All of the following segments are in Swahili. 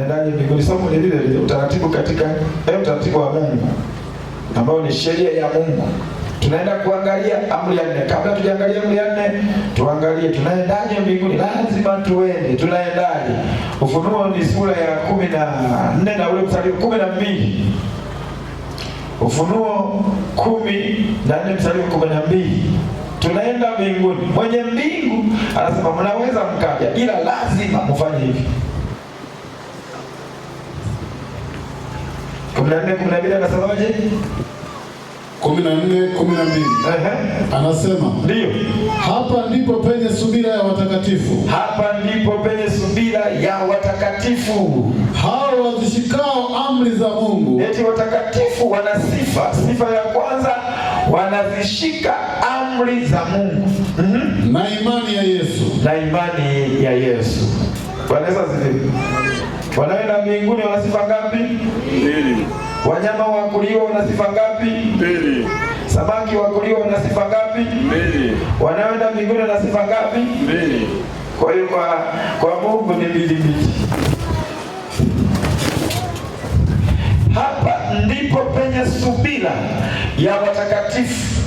wanaendaje mbinguni. Somo ni lile lile, utaratibu katika eh, utaratibu wa Mungu ambao ni sheria ya Mungu. Tunaenda kuangalia amri ya nne. Kabla tujaangalia amri ya nne, tuangalie tunaendaje mbinguni. Lazima tuende, tunaendaje? Ufunuo ni sura ya kumi na nne na ule mstari kumi na mbili Ufunuo kumi na nne mstari kumi na mbili Tunaenda mbinguni. Mwenye mbingu anasema mnaweza mkaja, ila lazima mfanye hivi. kumi na nne kumi na mbili anasemaje? kumi na nne kumi na mbili anasema ndio, hapa ndipo penye subira ya watakatifu, hapa ndipo penye subira ya watakatifu hao wazishikao amri za Mungu. Eti watakatifu wana sifa, sifa ya kwanza wanazishika amri za Mungu mm -hmm. na imani ya Yesu, na imani ya Yesu wanaweza zile Wanawe na mbinguni wana sifa ngapi? Mbili. Wanyama wa kuliwa wana sifa ngapi? Mbili. Samaki wa kuliwa wana sifa ngapi? Mbili. Wanawe na mbinguni wana sifa ngapi? Mbili. Kwa hiyo kwa, kwa Mungu ni mbili mbili. Hapa ndipo penye subira ya watakatifu.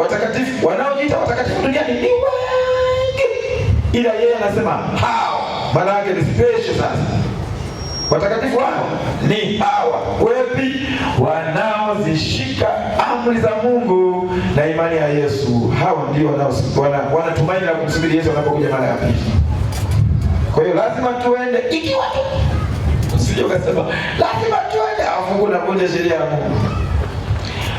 Watakatifu wanaojiita watakatifu duniani ni wengi, ila yeye anasema hao maana yake ni special sasa. Watakatifu hao ni hawa wepi, wanaozishika amri za Mungu na imani ya Yesu. Hawa ndio wanatumaini na kumsubiri Yesu anapokuja mara ya pili. Kwa hiyo lazima tuende, ikiwa tu usije ukasema lazima tuende afu kunakuja sheria ya Mungu.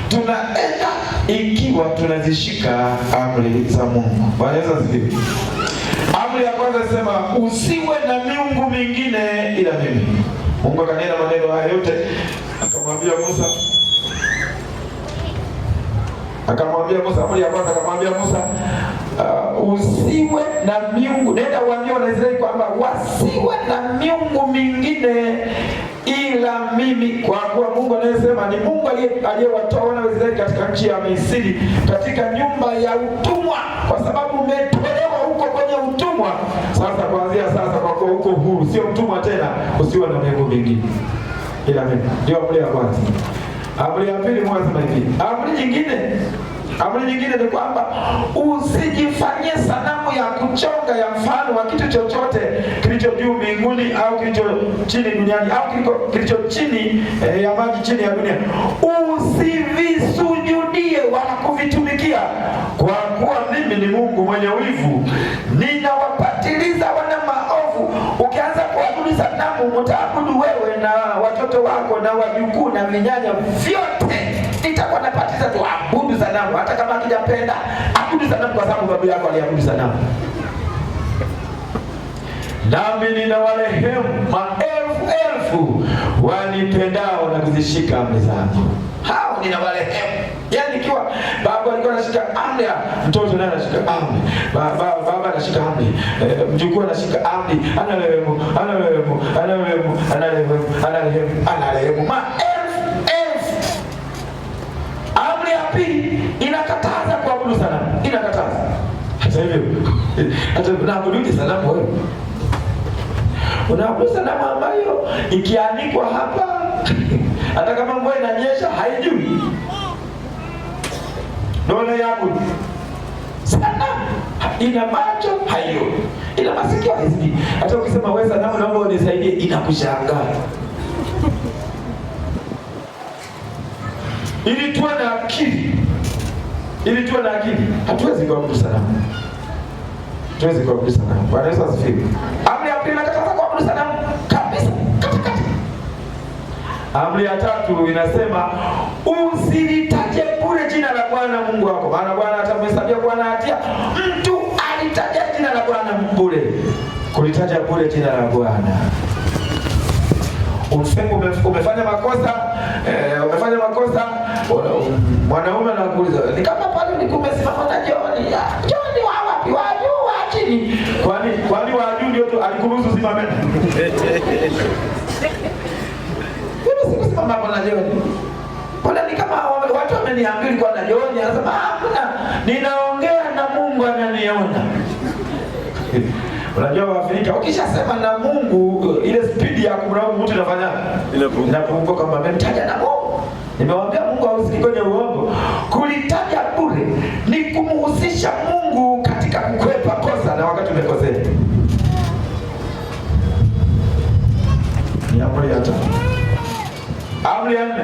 Tunaenda ikiwa tunazishika amri za Mungu. Bwana Yesu asifiwe kwanza sema usiwe na miungu mingine ila mimi. Mungu akanena maneno haya yote, akamwambia Musa, akamwambia Musa ya kwanza, akamwambia Musa uh, usiwe na miungu, nenda uambie Wanaisraeli kwamba wasiwe na miungu mingine ila mimi, kwa kuwa Mungu anayesema ni Mungu aliyewatoa wana wa Israeli katika nchi ya Misri, katika nyumba ya utumwa, kwa sababu umetolewa huko kwenye utumwa sasa kuanzia sasa, kwa kuwa uko huru, sio mtumwa tena, usiwe na mengo mingine, ila ndio amri ya kwanza. Amri ya pili, mwanzo mwingine, amri nyingine Amri nyingine ni kwamba usijifanyie sanamu ya kuchonga ya mfano wa kitu chochote kilicho juu mbinguni au kilicho chini duniani au kilicho chini eh, ya maji chini ya dunia, usivisujudie wala kuvitumikia, kwa kuwa mimi ni Mungu mwenye wivu, ninawapatiliza wana maovu. Ukianza kuabudu sanamu, utaabudu wewe na watoto wako na wajukuu na vinyanya vyote nitakuwa napatiza tu abudu sanamu, hata kama akijapenda abudu sanamu, kwa sababu babu yako aliabudu sanamu. Nami nina warehemu maelfu elfu wanipendao na kuzishika amri zangu, hao nina warehemu. Yani ikiwa babu alikuwa anashika amri, mtoto naye anashika amri, baba baba anashika amri, eh, eh, mjukuu anashika amri, anarehemu, ana anarehemu, anarehemu, anarehemu, anarehemu pili inakataza kuabudu sanamu, inakataza. Hata hivyo hata unaabudu sanamu wewe, unaabudu sanamu ambayo ikiandikwa hapa, hata kama mvua inanyesha haijui dole yako sanamu ina macho haiyo, ina masikio haizidi. Hata ukisema wewe sanamu, naomba unisaidie, inakushangaa ili tuwe na akili, ili tuwe na akili, hatuwezi kwa mtu sanamu, hatuwezi kwa mtu sanamu. Bwana Yesu asifiwe. Amri ya pili inakataza kwa mtu sanamu kabisa, katakata. Amri ya tatu inasema usilitaje bure jina la Bwana Mungu wako, maana Bwana atamhesabia na hatia mtu alitaja jina la Bwana bure. Kulitaja bure jina la Bwana Umefanya makosa eh, umefanya makosa Mwanaume anakuuliza ni kama pale ni kumesimama na John. John wa wapi? Wa juu wa chini. Kwani kwani wa juu ndio tu alikuruhusu simame? Mimi sikusimama na John. Bwana ni kama watu wameniambia kwa na John anasema ah, hakuna. ninaongea na Mungu ananiona. Unajua Waafrika ukishasema na Mungu ile spidi ya kumlaumu mtu inafanya inapungua, kama amemtaja na Mungu Nimewambia Mungu hausiki kwenye uongo. Kulitaja bure ni kumhusisha Mungu katika kukwepa kosa na wakati umekosea. Ni amri ya Amri ya nne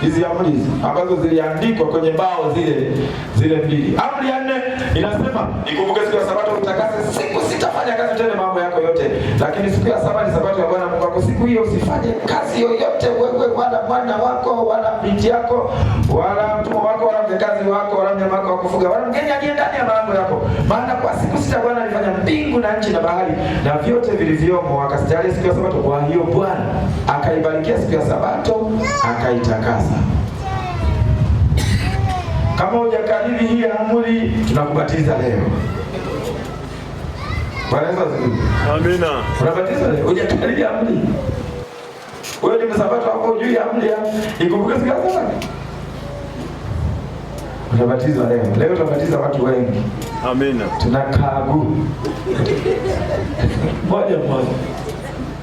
hizi amri hizi ambazo ziliandikwa kwenye bao zile zile mbili. Amri ya nne inasema, ikumbuke siku ya Sabato, utakase siku fanya kazi, tena mambo yako yote, lakini siku ya saba ni sabato ya Bwana Mungu wako. Siku hiyo usifanye kazi yoyote wewe, wala mwana wako wala binti yako wala mtumwa wako wala mjakazi wako wala mnyama wako wa kufuga wala mgeni aliye ndani ya malango yako, maana kwa siku sita Bwana alifanya mbingu na nchi na bahari na vyote vilivyomo, akastajalia siku ya sabato. Kwa hiyo Bwana akaibarikia siku ya sabato akaitakasa. Kama hujakariri hii amri, tunakubatiza leo. Bwana Yesu Amina. Unabatizwa leo, hujakariri amri. Wewe ni msabato hapo juu ya amri. Ikumbuke siku ya Unabatizwa leo. Leo tunabatiza watu wengi. Amina. Tunakagu. Moja moja.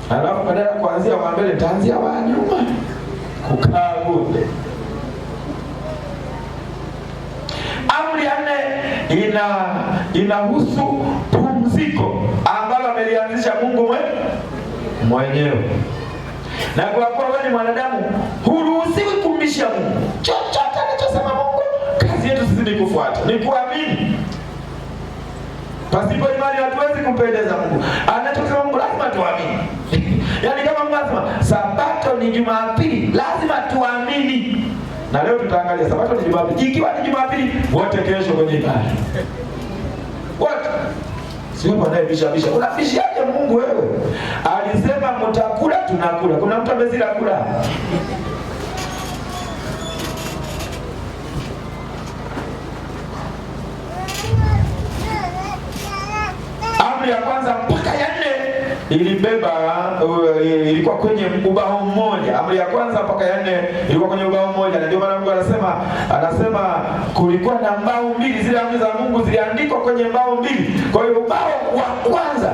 Alafu badala ya kuanzia wa mbele taanzia wa nyuma. Kukagu. Amri ya nne ina inahusu pumziko ambalo amelianzisha Mungu mwenyewe. Na kwa kuwa wewe ni mwanadamu, huruhusiwi kumbisha Mungu chochote anachosema Mungu. Kazi yetu sisi ni kufuata, ni kuamini. Pasipo imani hatuwezi kumpendeza Mungu. Anachosema Mungu lazima tuamini. Yaani kama Mungu anasema Sabato ni Jumapili, lazima tuamini. Na leo tutaangalia Sabato ni Jumapili. Ikiwa ni Jumapili, wote kesho kwenye ibada. Wote Sio kwa naye bisha bisha. Unabishaje Mungu wewe? Alisema mtakula tunakula. Kuna mtu amezila kula? Amri ya kwanza mpaka ya ilibeba uh, ilikuwa kwenye ubao mmoja, amri ya kwanza mpaka ya nne ilikuwa kwenye ubao mmoja, na ndio maana Mungu anasema anasema kulikuwa na mbao mbili, zile amri za Mungu ziliandikwa kwenye mbao mbili. Kwa hiyo ubao wa kwanza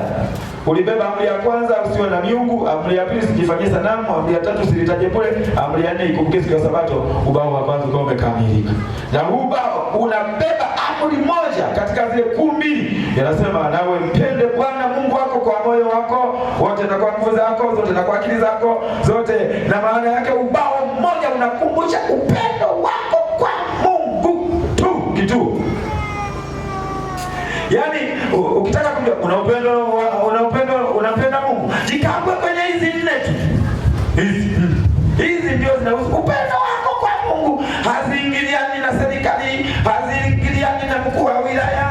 ulibeba amri ya kwanza, usiwe na miungu; amri ya pili, sijifanyie sanamu; amri ya tatu, usilitaje pole, amri ya nne, ikumbuke siku ya Sabato. Ubao wa kwanza ukawa umekamilika, na huu ubao unabeba amri moja zile kuu yanasema nawe mpende Bwana Mungu wako kwa moyo wako wote na kwa nguvu zako zote na kwa akili zako zote. Na maana yake ubao mmoja unakumbusha upendo wako kwa Mungu tu kitu. Yaani ukitaka kumjua una upendo una upendo unapenda Mungu, jikambwe kwenye hizi nne tu, hizi mm. hizi ndio zinahusu upendo wako kwa Mungu, haziingiliani na serikali, haziingiliani na mkuu wa wilaya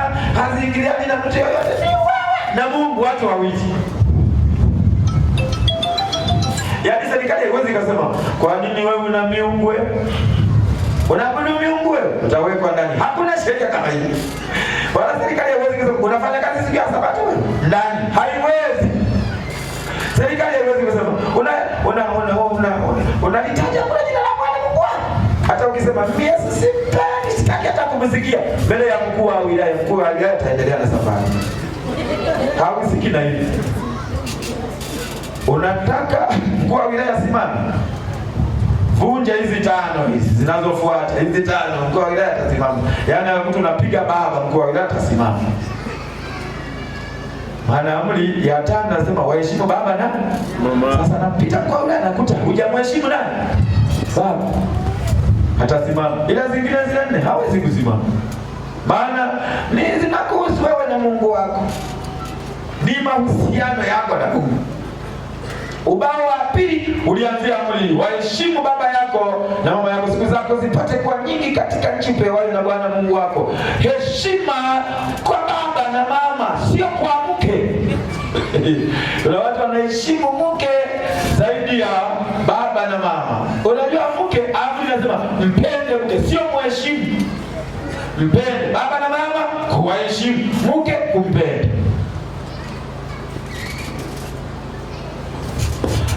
kufikiria bila mtu yoyote, na Mungu watu wawili. Yaani serikali haiwezi kusema kwa nini wewe una miungu wewe? Unaabudu miungu wewe? Utawekwa ndani. Hakuna sheria kama hiyo. Wala serikali haiwezi kusema unafanya kazi siku ya Sabato ndani. Haiwezi. Serikali haiwezi kusema una una una una unalitaja kuna jina la Bwana Mungu. Hata ukisema mimi Yesu simtaki hata kumsikia mbele ya mkuu wa wilaya, mkuu wa wilaya ataendelea na safari. Hausiki na hivi unataka mkuu wa wilaya simama, vunja hizi tano hizi zinazofuata hizi tano, mkuu wa wilaya atasimama. Yaani mtu napiga baba, mkuu wa wilaya atasimama. Maana amri ya tano nasema waheshimu baba na mama. Sasa napita mkuu wa wilaya nakuta hujamheshimu nani baba atasimama, ila zingine zile nne hawezi kusimama, Bana ni zinakuhusu wewe na Mungu wako, ni mahusiano yako na Mungu. Ubao wa pili ulianzia mwili, waheshimu baba yako na mama yako, siku zako zipate kwa nyingi katika nchi upewayo na Bwana Mungu wako. Heshima kwa baba na mama, sio kwa mke. Kuna watu wanaheshimu mke zaidi ya baba na mama, unajua mpende mke, sio mheshimu. Mpende baba na mama, kuwaheshimu mke, kumpende.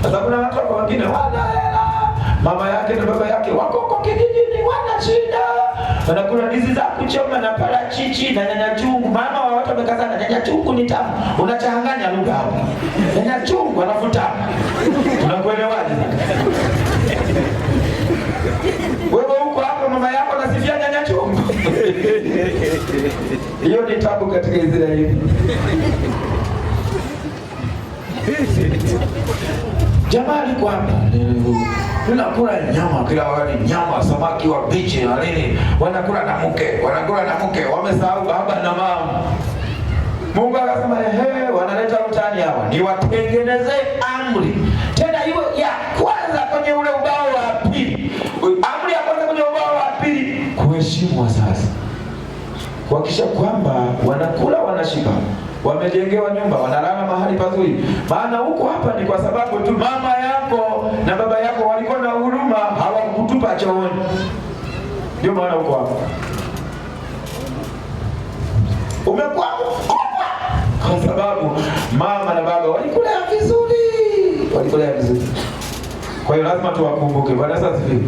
Sasa kuna watu wengine wana hela, mama yake na baba yake wako huko kijijini, wana shida, wanakula ndizi za kuchoma na parachichi na nyanya chungu. Mama wa watu wamekaza nyanya chungu ni tamu, unachanganya lugha hapo. Nyanya chungu alafu unakuelewaje? Wewe huko hapo mama yako anasifia nyanya chungu. Hiyo ni tabu katika Israeli. Jamani, kwa hapa tunakula nyama kila wakati, nyama samaki wa bichi na nini, wanakula na mke, wanakula na mke, wamesahau baba na mama. Mungu akasema ehe, wanaleta mtani hawa, niwatengenezee amri tena iwe ya kwanza kwenye ule ubao wa Amri ya kwanza kwenye ubao wa pili, kuheshimu wazazi, kuhakikisha kwamba wanakula wanashiba wamejengewa nyumba, wanalala mahali pazuri. Maana huko hapa ni kwa sababu tu mama yako na baba yako walikuwa na huruma, hawakutupa chooni. Ndio maana huko hapa umekuwa kwa sababu mama na baba walikulea vizuri, walikulea vizuri. Kwa hiyo lazima tuwakumbuke. Bwana asifiwe.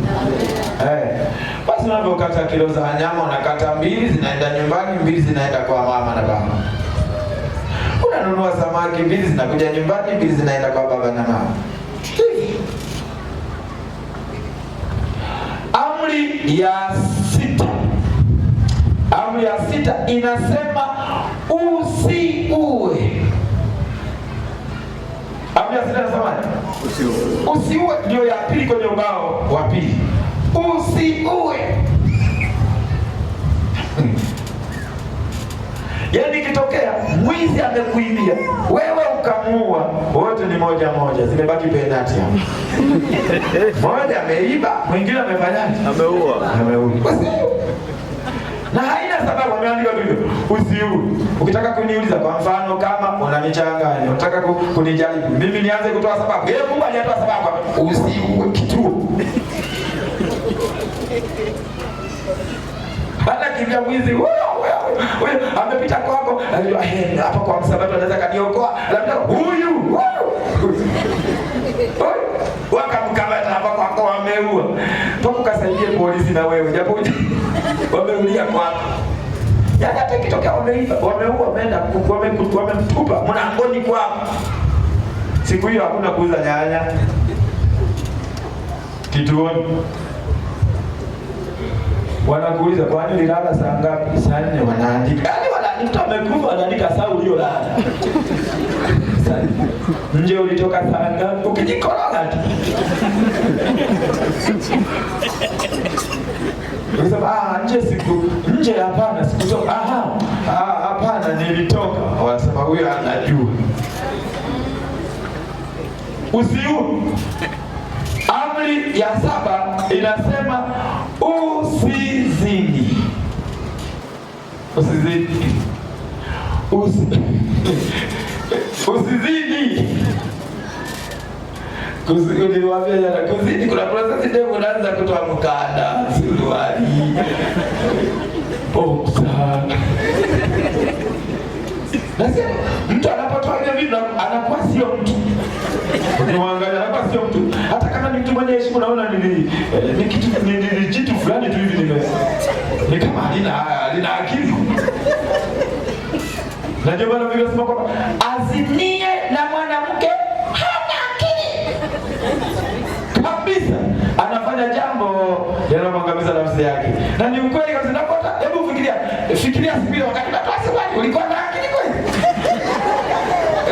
Eh. Basi unavyokata kilo za nyama unakata mbili zinaenda nyumbani, mbili zinaenda kwa mama na baba. Unanunua samaki mbili zinakuja nyumbani, mbili zinaenda kwa baba na mama. Amri ya sita. Amri ya sita inasema usiue amri ya usiue. ndio ya pili kwenye ubao wa pili, usiue. Yaani ikitokea mwizi amekuibia wewe ukamuua, wote ni moja moja, zimebaki penati hapo. Moja ameiba, mwingine amefanyaje? Ameua, ameua na haina sababu, ameandika vivyo usiu. Ukitaka kuniuliza kwa mfano, kama unanichanganya, unataka kunijaribu mimi, nianze kutoa sababu? Yeye Mungu aliyetoa sababu, usiu kitu hata kivya mwizi huyo amepita kwako, najua hapa kwa msabato anaweza kaniokoa, labda huyu wakamkamata hapa kwako, wameua toka ukasaidie polisi na wewe japo wameulia kwako Yaani hata ikitokea wameiba, wameua, wameenda wamemtupa mlangoni kwao, siku hiyo hakuna kuuza nyanya kituoni. Wanakuuliza kwani ulilala saa ngapi? Saa nne. Wanaandika yaani, mtu amekufa anaandika saa uliolala nje ulitoka saa ngapi? Ukijikoroga tu Nikasema ah, nje siku nje hapana, sikutoka. Aha, ah, hapana, nilitoka. Wanasema huyo anajua usiu. Amri ya saba inasema usizini, usizini, usizini Niliwaambia jana kuzidi kuna prosesi ndefu, unaanza kutoa mkanda, suruali pomsa. Oh, Nasema mtu anapotoa vitu anakuwa sio mtu, ukiangalia hapa sio mtu, hata kama ni mtu mwenye heshima. Naona nini eh, ni kitu ni jitu fulani tu hivi, nime ni kama halina halina akili. Najua bwana vile sema kwamba azimia yanayomwangamiza yaani nafsi yake. Na ni ukweli kabisa napata. Hebu fikiria, fikiria siku ile wakati unatoa zawadi, ulikuwa na akili kweli?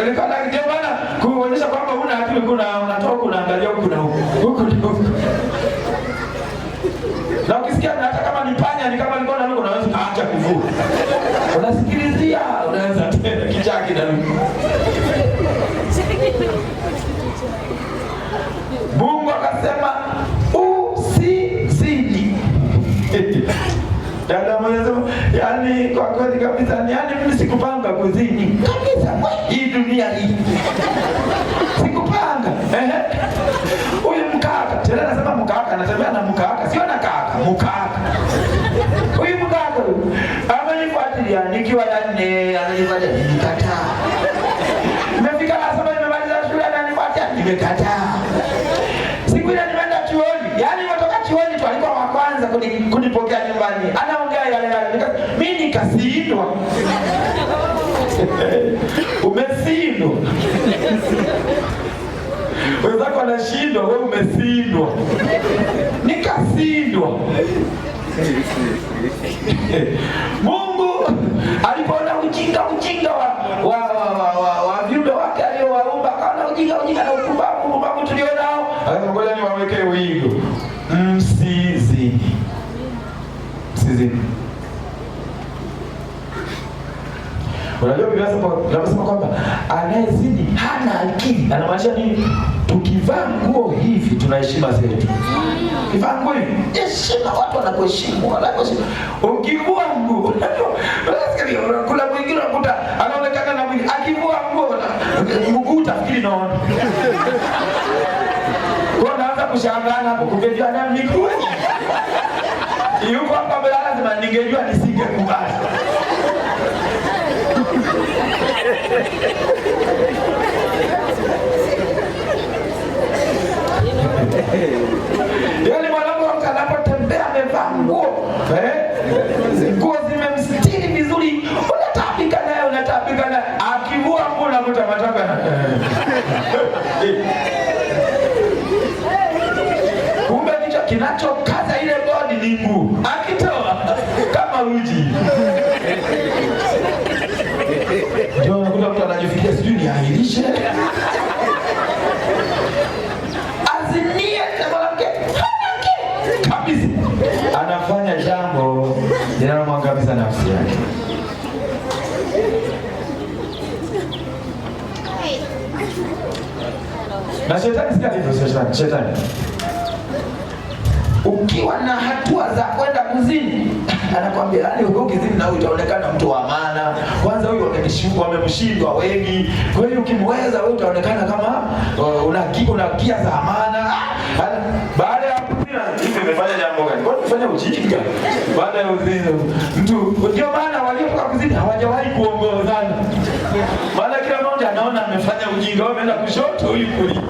Ulikuwa na akili bwana, kuonyesha kwamba una akili, kuna unatoka unaangalia huku na huku. Huku ndio huku. Na ukisikia na hata kama ni panya, ni kama alikuwa na Mungu unaweza kaacha kuvuka. Unasikilizia, unaanza tena kichaki na nuku Mungu akasema Dada mwenyezo, yani kwa kweli kabisa, yani mimi sikupanga kuzini kabisa hii dunia hii. Sikupanga. Huyu mkaka, tena nasema mkaka, anatembea na mkaka, sio na kaka, mkaka. Huyu mkaka huyu. Amenifuatilia nikiwa ya nne, ananifuatilia nikikataa. Nimefika nasema nimemaliza shule ananifuatilia, nimekataa. umesindwa Wenzako anashindwa, we umesindwa, nikasindwa. Mungu alipoona ujinga ujinga wa wa wa viumbe wake aliyowaumba, kaona ujinga ujinga na upumbavu upumbavu tulio nao, ngoja niwaweke wigo, mm, msizini, msizini Unajua Biblia inasema kwamba anayezini hana akili. Anamaanisha nini? Tukivaa nguo hivi tuna heshima zetu. Kivaa nguo hivi, heshima watu wanakuheshimu, wanakuheshimu. Ukivua nguo, unajua kuna mwingine unakuta anaonekana na mwili, akivua nguo mguu utafikiri naona. Kwa naanza kushangaa hapo kumbe jana miguu. Yuko hapa mbele lazima ningejua nisi Yule yaani mwanamke anapotembea amevaa nguo eh, nguo zimemstiri vizuri, unatabika naye unatabika naye, akivua nguo na mtu kumbe kicho kinachokaza ile bodi ni nguo, akitoa kama uji aliahirishe azimie kabisa, anafanya jambo linalomwangamiza nafsi yake. Na shetani si shetani, shetani ukiwa na hatua za kwenda kuzini anakwambia yani, ukizidi na huyu utaonekana mtu wa maana. Kwanza huyu wamemshindwa wengi, kwa hiyo ukimweza wewe utaonekana kama uh, una kia za maana. Ah, baada ya nimefanya jambo gani? Kwa kufanya ujinga baada ya mtu, ndio maana waliotoka kuzini hawajawahi kuongozana, maana kila mmoja anaona amefanya ujinga, wameenda kushoto huyu kulia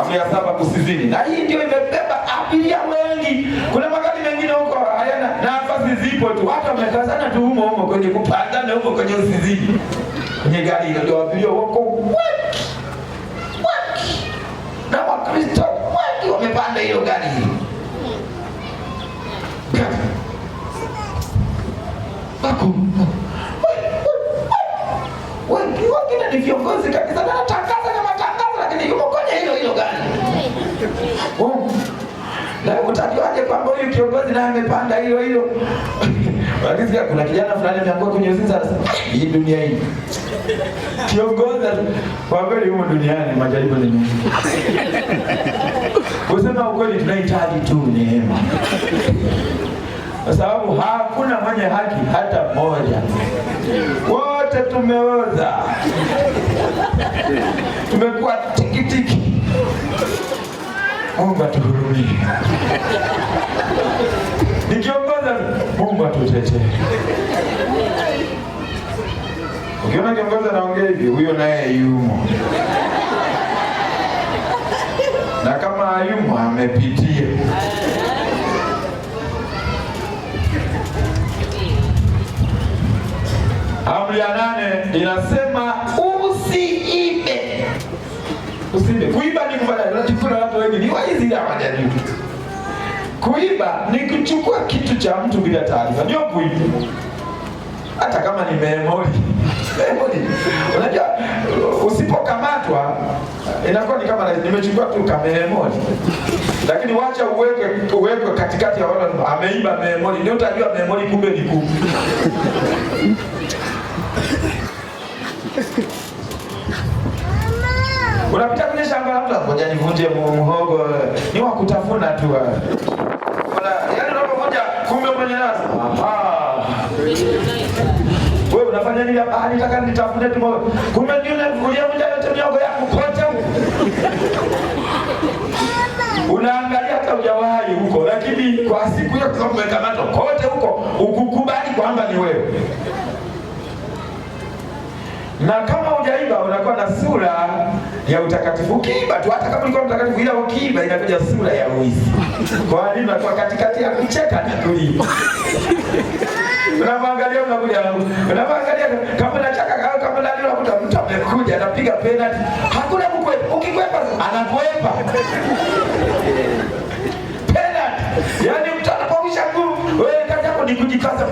Amri ya saba kusizini, na hii ndio imebeba abiria wengi. Kuna magari mengine huko hayana nafasi, zipo tu, hata wamekazana tu humo humo kwenye na huko kwenye usizini, kwenye gari hilo, ndio abiria wako wengi wengi, na Wakristo wengi wamepanda hiyo gari hilo. Bakum wengine ni viongozi kabisa, na tangaza na matangazo, lakini yuko kwenye hilo hilo gani? Oh. Na kutajuaje kwamba huyu kiongozi naye amepanda hilo hilo? Wakisikia kuna kijana fulani ameanguka kwenye uzinzi, sasa hii dunia hii kiongozi. Kwa kweli huko duniani majaribu ni mengi, kusema ukweli, tunahitaji tu neema, kwa sababu hakuna mwenye haki hata mmoja wote tumekua tumekuwa tikitiki. Mungu atuhurumie, nikiongoza Mungu tutete Ukiona kiongoza anaongea hivi, huyo naye yumo, na kama ayumo amepitia Amri ya nane inasema usiibe. Usiibe. Kuiba ni kufanya tunachukua watu wengi ni waizi na wajaribu. Kuiba ni kuchukua kitu cha mtu bila taarifa. Ndio kuiba. Hata kama ni memory. Memory. Unajua usipokamatwa inakuwa ni kama nimechukua tu kama kamemori, lakini wacha uweke uweke katikati ya wala ameiba memori, ndio utajua memori kumbe ni kumbe Unapita kwenye shamba labda ngoja nivunje mhogo. Eh, ni wa kutafuna tu. Eh. Kuna yani unapokuja kumbe mwenye nasi. Ah. Wewe unafanya nini hapa? Ah, Hali nataka nitafune tu mhogo. Kumbe ndio unakuja kuja yote mhogo yako kote. Unaangalia hata hujawahi huko lakini kwa siku hiyo kwa umekamata kote huko ukukubali kwamba ni wewe na kama hujaiba unakuwa na sura ya utakatifu. Ukiiba tu hata kama ulikuwa mtakatifu, ila ukiiba inakuja sura ya uizi. Kwa nini? Unakuwa katikati ya kucheka na kuiba unamwangalia unakuja unamwangalia kama unachaka kama kama nani, unakuta mtu amekuja anapiga penalty, hakuna kukwepa. Ukikwepa anakwepa penalty, yani mtu anapokisha nguvu, wewe kazi yako ni kujikaza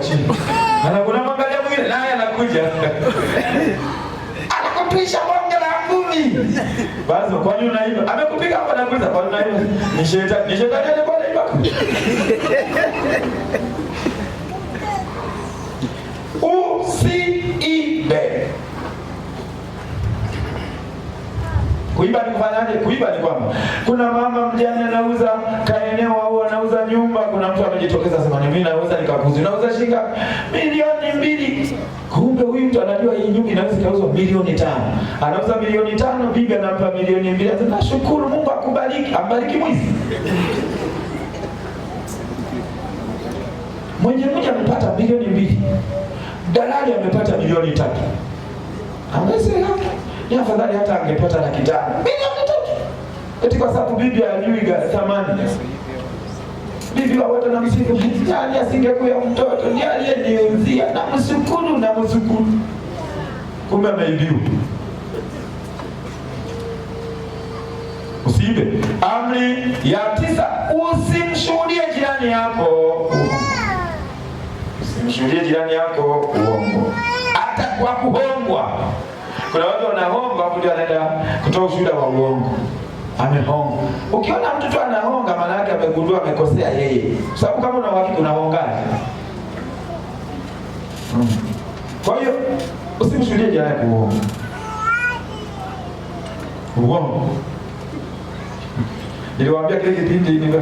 chini. Anakuwa mwangalia mwingine naye anakuja. Anakupisha bonge la ngumi. Basi kwa nini unaiba? Amekupiga hapo anakuuliza kwa nini unaiba? Ni shetani, ni shetani ndiye bwana Kuiba ni kufanyaje? Kuiba ni kwamba kuna mama mjane anauza kaeneo au anauza nyumba, kuna mtu amejitokeza sema mimi naweza nikakuzi, naweza shika milioni mbili. Kumbe huyu mtu anajua hii nyumba inaweza kuuzwa milioni tano, anauza milioni tano, bibi anampa milioni mbili. Nashukuru Mungu akubariki, ambariki mwizi mwenye mmoja amepata milioni mbili, dalali amepata milioni tatu, amesema ni afadhali hata angepata laki tano milioni tatu, eti kwa sababu bibi hajui thamani. Bibi wote na msifu, yaani asingekuya mtoto ndiye aliyeniuzia na msukuru na msukuru, kumbe ameibiwa. Usiibe. Amri ya tisa, usimshuhudie jirani yako usimshuhudie jirani yako uongo, hata kwa kuhongwa kuna watu wanahonga hapo ndio anaenda kutoa ushuhuda wa uongo. Amehonga. Ukiona mtoto anahonga, maana yake amegundua amekosea yeye, kwa sababu kama una uhakika unahonga. Hmm. Kwa hiyo usimshuhudie jirani yako uongo. Uongo. Niliwaambia kile kipindi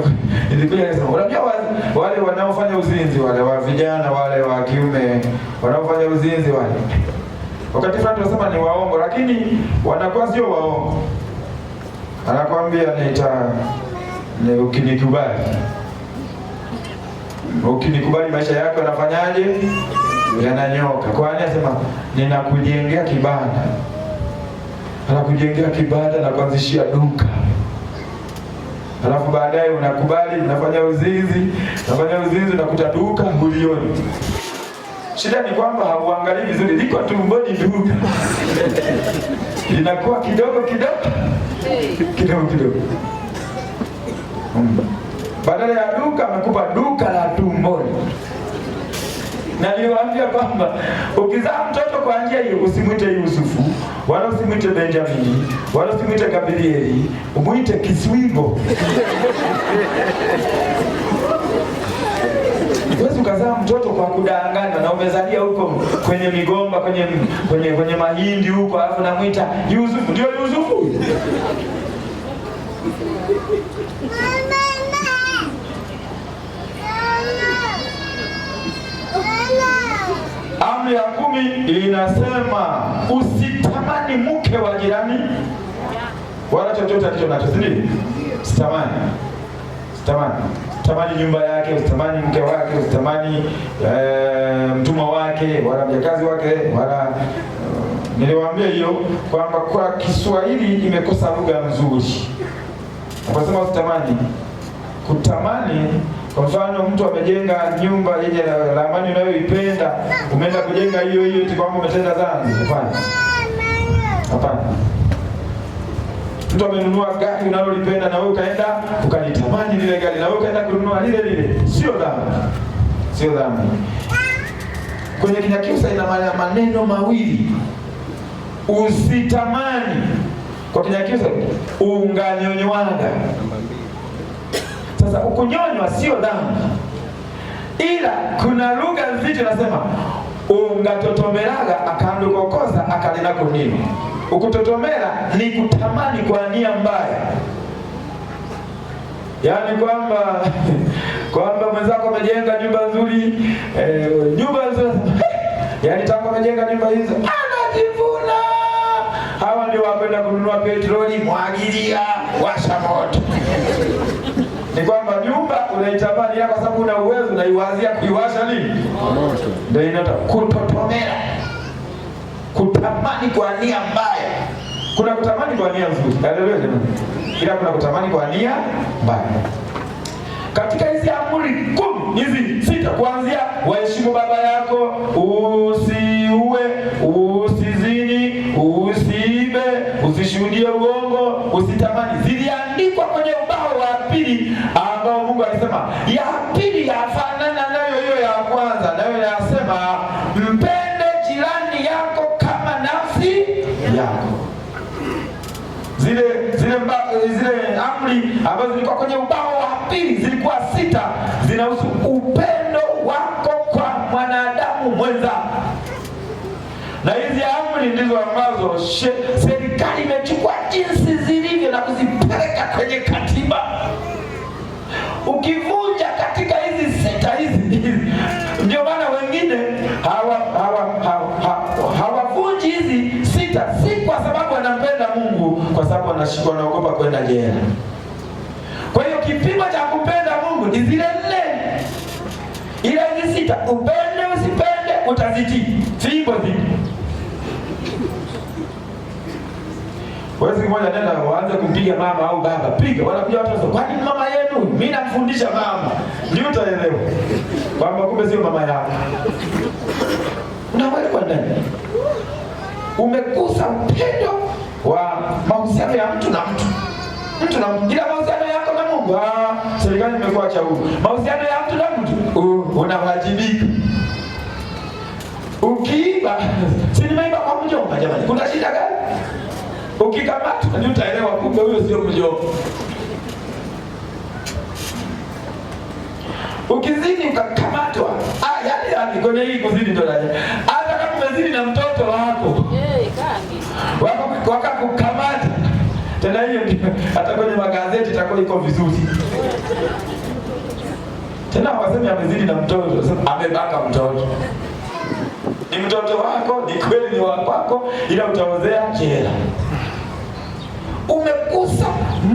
nilikuja nasema, unajua wale wanaofanya uzinzi wale wa vijana wale wa kiume wanaofanya uzinzi wale Wakati fulani tunasema ni waongo, lakini wanakuwa sio waongo. Anakwambia nita ni ukinikubali, ukinikubali maisha yako yanafanyaje? Yananyoka. Kwani asema ninakujengea kibanda, anakujengea kibanda na kuanzishia duka Alafu baadaye unakubali, unafanya uzinzi, unafanya uzinzi, unakuta duka hulioni. Shida ni kwamba hauangalii vizuri, liko tumboni tu linakuwa kidogo kidogo kidogo kidogo. Badala ya duka amekupa duka la tumboni. Naliwaambia kwamba ukizaa mtoto kwa njia hiyo, usimwite Yusufu wala usimwite Benjamini wala usimwite Gabrieli, umwite Kiswimbo Huwezi ukazaa mtoto kwa kudanganywa na umezalia huko kwenye migomba, kwenye kwenye, kwenye mahindi huko, alafu namwita Yusufu. Ndio Yusufu Amri ya kumi inasema usitamani mke wa jirani wala chochote alicho nacho, si ndio? Sitamani, sitamani usitamani nyumba yake, usitamani mke wake, usitamani e, mtumwa wake wala mjakazi wake wala eh, Niliwaambia hiyo kwamba kwa Kiswahili imekosa lugha nzuri. Akasema usitamani. Kutamani, kwa mfano, mtu amejenga nyumba yenye ramani unayoipenda, umeenda kujenga hiyo hiyo eti kwamba umetenda dhambi. Hapana, hapana. Mtu amenunua gari unalolipenda na wewe ukaenda ukalitamani lile gari na wewe ukaenda kununua lile lile, sio dhambi, sio dhambi. Kwenye Kinyakyusa ina maana maneno mawili, usitamani. Kwa Kinyakyusa unganyonywaga. Sasa ukunyonywa sio dhambi, ila kuna lugha nzito nasema ungatotomeraga akandu kokosa akalina kunini ukutotomera ni kutamani kwa nia mbaya yaani kwamba kwamba mwenzako amejenga nyumba nzuri eh, nyumba nzuri yaani tangu amejenga nyumba hizo anajivuna hawa ndio wakwenda kununua petroli mwagilia washa moto ni kwamba unaitamani kwa sababu una uwezo, unaiwazia kuiwasha lini? Ndio inaitwa kutotomera, kutamani kwa nia mbaya. Kuna kutamani kwa nia nzuri, haleluya jamani, ila kuna kutamani kwa nia mbaya. Katika hizi amri kumi hizi sita, kuanzia waheshimu baba yako, usiue, usizini, usiibe, usishuhudie uongo, usitamani, ziliandikwa kwenye ubao akasema ya pili yafanana nayo hiyo ya kwanza, nayo yasema mpende jirani yako kama nafsi yako. Zile zile mba, zile amri ambazo zilikuwa kwenye ubao wa pili zilikuwa sita, zinahusu upendo wako kwa mwanadamu mwenza, na hizi amri ndizo ambazo serikali imechukua jinsi zilivyo na kuzi hapo nashikwa naogopa kwenda jela. Kwa hiyo kipimo cha kupenda Mungu ni zile nne, ile ni sita, upende usipende, utazitii zipo Kwa Wezi moja nenda waanze kumpiga mama au baba, piga. Wanakuja watu wanasema, kwani mama yenu? Mimi namfundisha mama, ndio utaelewa kwamba kumbe sio mama yako. Unaweza kwa ndani, umekosa upendo wa mahusiano ya mtu na mtu mtu na mtu. Ila mahusiano yako na Mungu, ah, serikali imekuacha huko. Mahusiano ya mtu na mtu, uh, unawajibika. Ukiiba, si nimeiba kwa mjomba, jamani, kuna shida gani? Ukikamatwa ndio utaelewa, kumbe huyo sio mjomba. Ukizini ukakamatwa, ah, yani yani ah, kwenye hii kuzini ndio hata kama umezini na mtoto wako. Yeah wakakukamata tena. Hiyo ndio hata kwenye magazeti itakuwa iko vizuri tena, wasemi amezidi na mtoto, amebaka mtoto. Ni mtoto wako, ni kweli, ni wakwako, ila utaozea jela. umekusa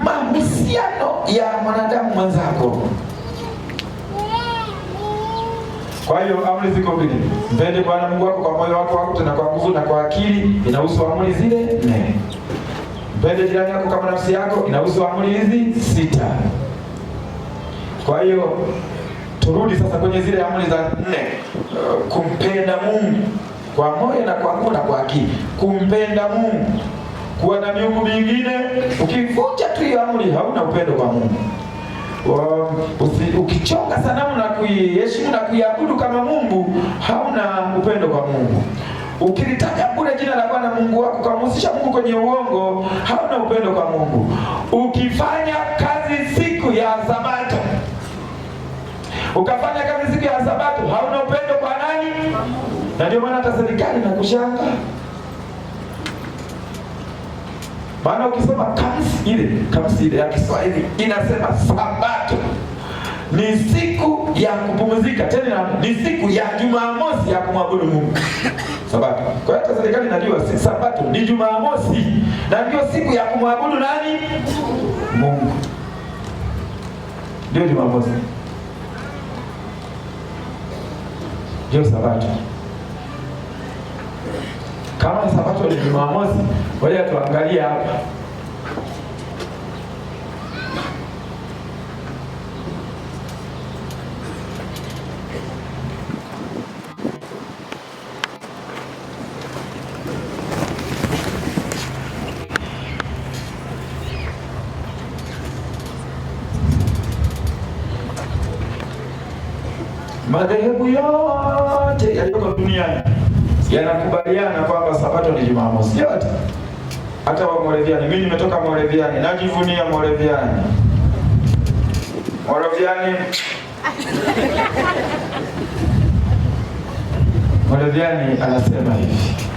mahusiano ya mwanadamu mwenzako. Kwa hiyo amri ziko mbili, mpende Bwana Mungu wako kwa moyo wako wako tena kwa nguvu na kwa akili, inahusu amri zile nne. Mpende jirani yako kama nafsi yako, inahusu amri hizi sita. Kwa hiyo turudi sasa kwenye zile amri za nne, kumpenda Mungu kwa moyo na kwa nguvu na kwa akili, kumpenda Mungu. Kuwa na miungu mingine, ukivunja tu hiyo amri, hauna upendo kwa Mungu. Ukichonga sanamu na kuiheshimu na kuiabudu kama Mungu, hauna upendo kwa Mungu. Ukilitaja bure jina la Bwana Mungu wako ukamhusisha Mungu kwenye uongo, hauna upendo kwa Mungu. Ukifanya kazi siku ya Sabato ukafanya kazi siku ya Sabato, hauna upendo kwa nani? Na ndio maana hata serikali nakushanga maana ukisema kazi ile ile ya Kiswahili inasema Sabato ni siku ya kupumzika, tena ni siku ya Jumamosi ya kumwabudu Mungu. Sabato. Kwa hiyo serikali inajua si Sabato ni Jumamosi na ndio siku ya kumwabudu nani? Mungu. Ndio Jumamosi. Ndio Sabato. kesho ni Jumamosi. Ngoja tuangalie hapa madhehebu yote yaliyoko duniani yanakubaliana kwamba sabato ni Jumamosi yote, hata Wamoraviani. Mimi nimetoka Moraviani, najivunia Moraviani. Moraviani, moreviani anasema hivi